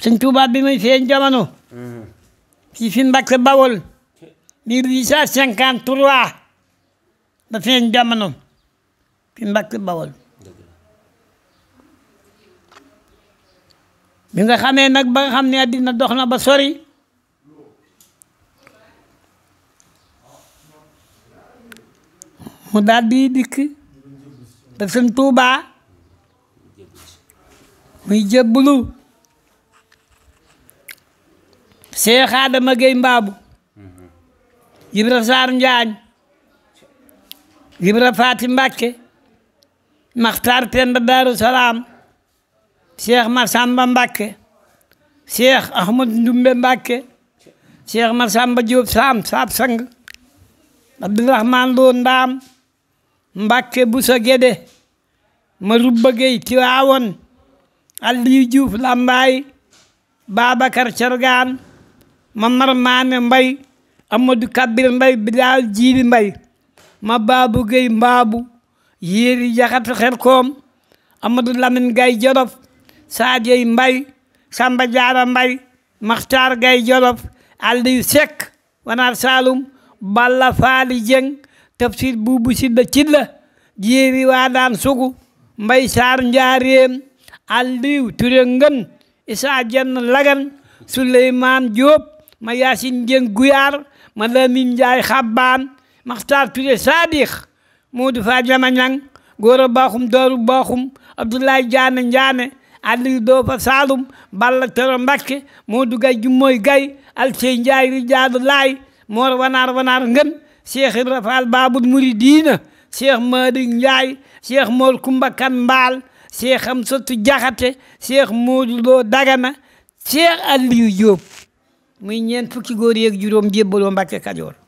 sëñ Tuubaa bi muy feeñ jamono fii fi Mbàkke Bawol 1853 ba feeñ jamono fi Mbàkke Bawol bi nga xamee nag ba xam ne àddina dox na ba sori mu daal di dikk ba sëñ muy jébbalu Cheikh Adama Gueye Mbaabu Ibra Sarr Njaañ Ibra Faati Mbàkke Maxtaar Penda Daaru Salaam Cheikh Masamba Mbàkke Cheikh Ahmad Ndumbe Mbàkke Cheikh Masamba Diop Saam Saab Sang Abdourahman Lo Ndaam Mbàkke Busa Gede Marubba Gueye Tiwaawoon Aliyu Juuf Lambaay Babacar Cargaan mamar maame mbay amadou kabir mbay bilaal jiili mbay ma baabu gey mbaabu yéeri jaxat xelkoom amadou lamin gay jolof saajey mbay samba jaara mbay maxtaar gay jolof aliyu sekk wanaar saalum balla faali jeng tafsir buubu sidda cilla jéeri waadaan sugu mbay saar njaareem aliyu ture ngën isaa jenn lagan suleymaan jóob ma Yacine Dieng Guyaar ma Lamine Ndiaye Xabbaan Maxtaar Touré Sadix Modou Fa Jama Ñang Gora Bakhoum Dooru Bakhoum Abdoulaye Diané Ndiané Aliou Doofa Saloum Balla Toro Mbakke Modou Gay Jummooy Gay Alsey Ndiaye Rijaadu Laay Moor Wanaar Wanaar Ngën Cheikh Ibra Fall Baabul Muridiina Cheikh Madi Ndiaye Cheikh Mor Kumba Kan Mbaal Cheikh Amsatu Jaxate Cheikh Modou Lo Dagana Cheikh Aliou Diop muy ñeent fukki góor yeeg juróom jébbaloo Mbàkke Kajoor